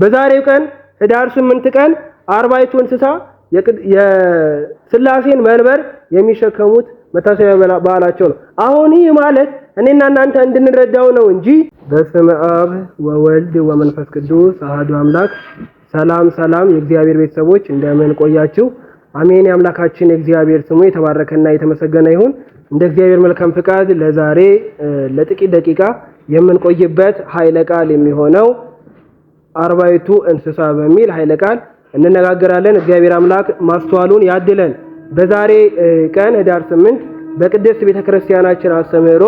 በዛሬው ቀን ህዳር ስምንት ቀን አርባይቱ እንስሳ የስላሴን መንበር የሚሸከሙት መታሰቢያ በዓላቸው ነው። አሁን ይህ ማለት እኔና እናንተ እንድንረዳው ነው እንጂ በስመ አብ ወወልድ ወመንፈስ ቅዱስ አህዱ አምላክ። ሰላም ሰላም፣ የእግዚአብሔር ቤተሰቦች እንደምን ቆያችሁ? አሜን። የአምላካችን የእግዚአብሔር ስሙ የተባረከና የተመሰገነ ይሁን። እንደ እግዚአብሔር መልካም ፍቃድ ለዛሬ ለጥቂት ደቂቃ የምንቆይበት ኃይለ ቃል የሚሆነው አርባይቱ እንስሳ በሚል ኃይለ ቃል እንነጋገራለን። እግዚአብሔር አምላክ ማስተዋሉን ያድለን። በዛሬ ቀን ህዳር ስምንት በቅድስት ቤተክርስቲያናችን አስተምህሮ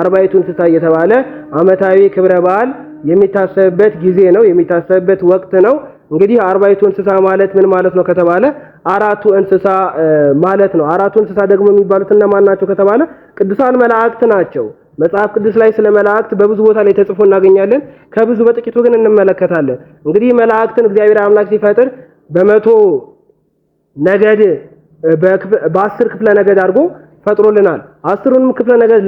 አርባይቱ እንስሳ እየተባለ ዓመታዊ ክብረ በዓል የሚታሰብበት ጊዜ ነው፣ የሚታሰብበት ወቅት ነው። እንግዲህ አርባይቱ እንስሳ ማለት ምን ማለት ነው ከተባለ አራቱ እንስሳ ማለት ነው። አራቱ እንስሳ ደግሞ የሚባሉት እነማን ናቸው ከተባለ ቅዱሳን መላእክት ናቸው። መጽሐፍ ቅዱስ ላይ ስለ መላእክት በብዙ ቦታ ላይ ተጽፎ እናገኛለን። ከብዙ በጥቂቱ ግን እንመለከታለን። እንግዲህ መላእክትን እግዚአብሔር አምላክ ሲፈጥር በመቶ ነገድ በአስር ክፍለ ነገድ አድርጎ ፈጥሮልናል። አስሩንም ክፍለ ነገድ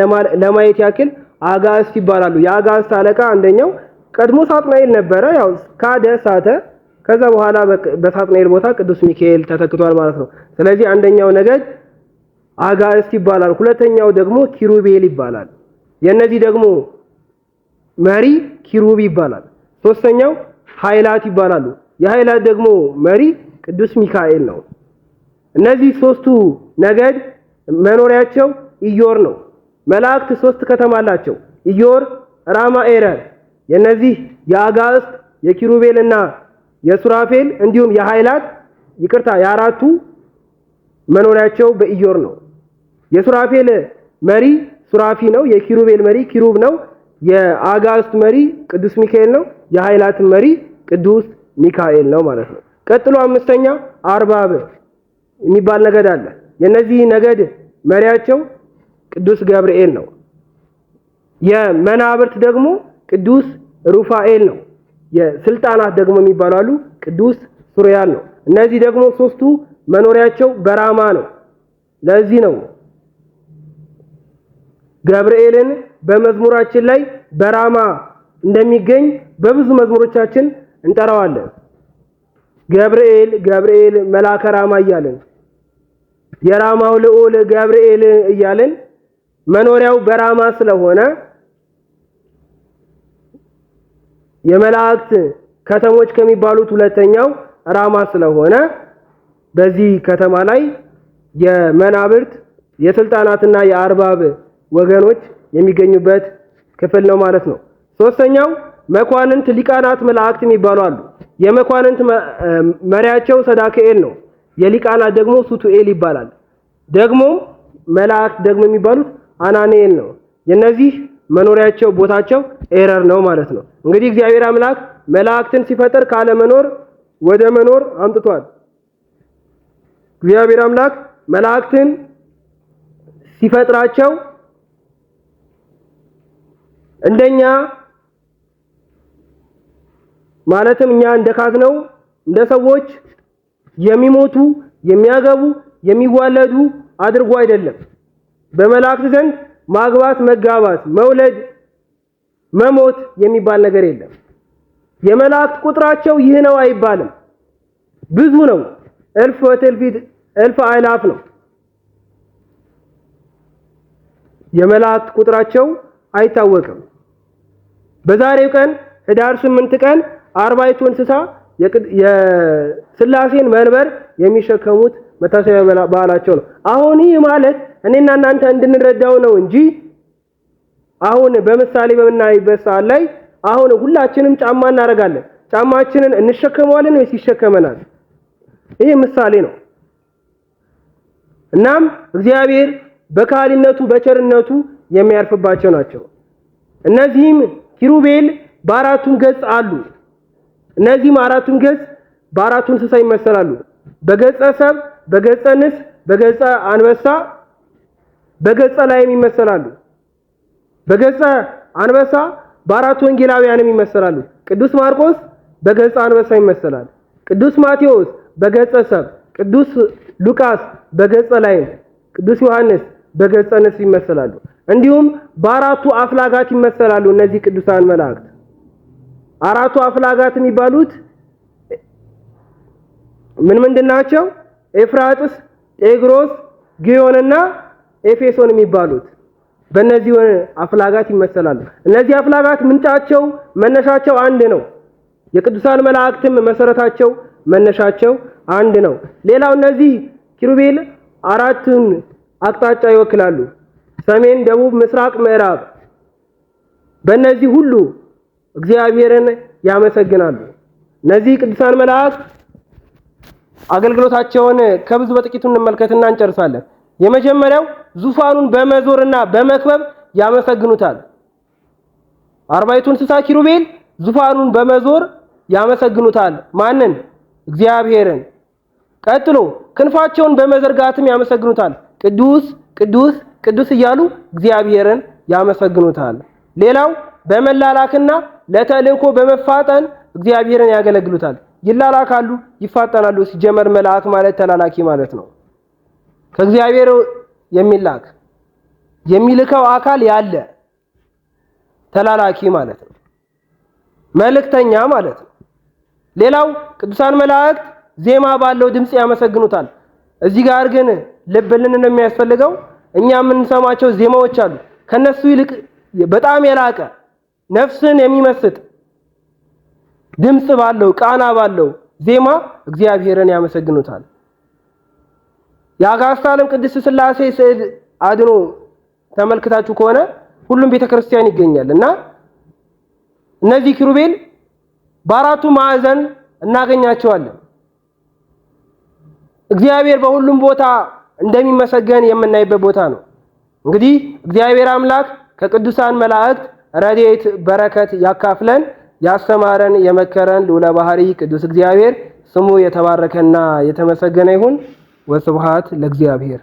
ለማየት ያክል አጋዕስት ይባላሉ። የአጋዕስት አለቃ አንደኛው ቀድሞ ሳጥናኤል ነበረ። ያው ካደ፣ ሳተ። ከዛ በኋላ በሳጥናኤል ቦታ ቅዱስ ሚካኤል ተተክቷል ማለት ነው። ስለዚህ አንደኛው ነገድ አጋዕስት ይባላል። ሁለተኛው ደግሞ ኪሩቤል ይባላል። የእነዚህ ደግሞ መሪ ኪሩብ ይባላል። ሶስተኛው ኃይላት ይባላሉ። የኃይላት ደግሞ መሪ ቅዱስ ሚካኤል ነው። እነዚህ ሶስቱ ነገድ መኖሪያቸው ኢዮር ነው። መላእክት ሶስት ከተማ አላቸው፣ ኢዮር፣ ራማ፣ ኤረር። የእነዚህ የአጋዕስት የኪሩቤልና የሱራፌል እንዲሁም የኃይላት ይቅርታ የአራቱ መኖሪያቸው በኢዮር ነው። የሱራፌል መሪ ሱራፊ ነው። የኪሩቤል መሪ ኪሩብ ነው። የአጋስት መሪ ቅዱስ ሚካኤል ነው። የኃይላት መሪ ቅዱስ ሚካኤል ነው ማለት ነው። ቀጥሎ አምስተኛ አርባብ የሚባል ነገድ አለ። የነዚህ ነገድ መሪያቸው ቅዱስ ገብርኤል ነው። የመናብርት ደግሞ ቅዱስ ሩፋኤል ነው። የስልጣናት ደግሞ የሚባሉ አሉ ቅዱስ ሱሪያል ነው። እነዚህ ደግሞ ሶስቱ መኖሪያቸው በራማ ነው። ለዚህ ነው ገብርኤልን በመዝሙራችን ላይ በራማ እንደሚገኝ በብዙ መዝሙሮቻችን እንጠራዋለን። ገብርኤል ገብርኤል መልአከ ራማ እያለን የራማው ልዑል ገብርኤል እያለን መኖሪያው በራማ ስለሆነ የመላእክት ከተሞች ከሚባሉት ሁለተኛው ራማ ስለሆነ በዚህ ከተማ ላይ የመናብርት የስልጣናትና የአርባብ ወገኖች የሚገኙበት ክፍል ነው ማለት ነው። ሶስተኛው መኳንንት ሊቃናት መላእክት የሚባሉ አሉ። የመኳንንት መሪያቸው ሰዳክኤል ነው። የሊቃናት ደግሞ ሱቱኤል ይባላል። ደግሞ መላእክት ደግሞ የሚባሉት አናኔል ነው። የነዚህ መኖሪያቸው ቦታቸው ኤረር ነው ማለት ነው። እንግዲህ እግዚአብሔር አምላክ መላእክትን ሲፈጠር ካለ መኖር ወደ መኖር አምጥቷል። እግዚአብሔር አምላክ መላእክትን ሲፈጥራቸው እንደኛ ማለትም እኛ እንደ ነው እንደ ሰዎች የሚሞቱ የሚያገቡ የሚዋለዱ አድርጎ አይደለም። በመላእክት ዘንድ ማግባት፣ መጋባት፣ መውለድ፣ መሞት የሚባል ነገር የለም። የመላእክት ቁጥራቸው ይህ ነው አይባልም። ብዙ ነው። እልፍ ወትእልፊት እልፍ አይላፍ ነው የመላእክት ቁጥራቸው አይታወቅም። በዛሬው ቀን ህዳር ስምንት ቀን አርባይቱ እንስሳ የስላሴን መንበር የሚሸከሙት መታሰቢያ በዓላቸው ነው። አሁን ይህ ማለት እኔና እናንተ እንድንረዳው ነው እንጂ አሁን በምሳሌ በምናይበት ሰዓት ላይ አሁን ሁላችንም ጫማ እናደርጋለን። ጫማችንን እንሸከመዋለን ወይስ ይሸከመናል? ይሄ ምሳሌ ነው። እናም እግዚአብሔር በካህሊነቱ በቸርነቱ የሚያርፍባቸው ናቸው። እነዚህም ኪሩቤል በአራቱም ገጽ አሉ። እነዚህም አራቱም ገጽ በአራቱ እንስሳ ይመሰላሉ። በገጸ ሰብ፣ በገጸ ንስ፣ በገጸ አንበሳ፣ በገጸ ላይም ይመሰላሉ። በገጸ አንበሳ በአራቱ ወንጌላውያንም ይመሰላሉ። ቅዱስ ማርቆስ በገጸ አንበሳ ይመሰላል። ቅዱስ ማቴዎስ በገጸ ሰብ፣ ቅዱስ ሉቃስ በገጸ ላይም፣ ቅዱስ ዮሐንስ በገጸ ንስ ይመሰላሉ። እንዲሁም በአራቱ አፍላጋት ይመሰላሉ። እነዚህ ቅዱሳን መላእክት አራቱ አፍላጋት የሚባሉት ምን ምንድን ናቸው? ኤፍራጥስ፣ ጤግሮስ፣ ግዮንና ኤፌሶን የሚባሉት በእነዚህ አፍላጋት ይመሰላሉ። እነዚህ አፍላጋት ምንጫቸው መነሻቸው አንድ ነው። የቅዱሳን መላእክትም መሰረታቸው መነሻቸው አንድ ነው። ሌላው እነዚህ ኪሩቤል አራቱን አቅጣጫ ይወክላሉ። ሰሜን፣ ደቡብ፣ ምስራቅ፣ ምዕራብ በእነዚህ ሁሉ እግዚአብሔርን ያመሰግናሉ። እነዚህ ቅዱሳን መላእክት አገልግሎታቸውን ከብዙ በጥቂቱ እንመልከትና እንጨርሳለን። የመጀመሪያው ዙፋኑን በመዞርና በመክበብ ያመሰግኑታል። አርባዕቱ እንስሳ ኪሩቤል ዙፋኑን በመዞር ያመሰግኑታል። ማንን? እግዚአብሔርን። ቀጥሎ ክንፋቸውን በመዘርጋትም ያመሰግኑታል። ቅዱስ ቅዱስ ቅዱስ እያሉ እግዚአብሔርን ያመሰግኑታል። ሌላው በመላላክና ለተልእኮ በመፋጠን እግዚአብሔርን ያገለግሉታል። ይላላካሉ፣ ይፋጠናሉ። ሲጀመር መልአክ ማለት ተላላኪ ማለት ነው። ከእግዚአብሔር የሚላክ የሚልከው አካል ያለ ተላላኪ ማለት ነው፣ መልእክተኛ ማለት ነው። ሌላው ቅዱሳን መላእክት ዜማ ባለው ድምፅ ያመሰግኑታል። እዚህ ጋር ግን ልብ ልን ነው የሚያስፈልገው እኛ የምንሰማቸው ዜማዎች አሉ። ከነሱ ይልቅ በጣም የላቀ ነፍስን የሚመስጥ ድምፅ ባለው ቃና ባለው ዜማ እግዚአብሔርን ያመሰግኑታል። የአጋዕዝተ ዓለም ቅድስት ሥላሴ ስዕል አድኖ ተመልክታችሁ ከሆነ ሁሉም ቤተክርስቲያን ይገኛል እና እነዚህ ኪሩቤል በአራቱ ማዕዘን እናገኛቸዋለን። እግዚአብሔር በሁሉም ቦታ እንደሚመሰገን የምናይበት ቦታ ነው። እንግዲህ እግዚአብሔር አምላክ ከቅዱሳን መላእክት ረድኤት በረከት ያካፍለን። ያስተማረን የመከረን ልዑለ ባህሪ ቅዱስ እግዚአብሔር ስሙ የተባረከና የተመሰገነ ይሁን። ወስብሐት ለእግዚአብሔር።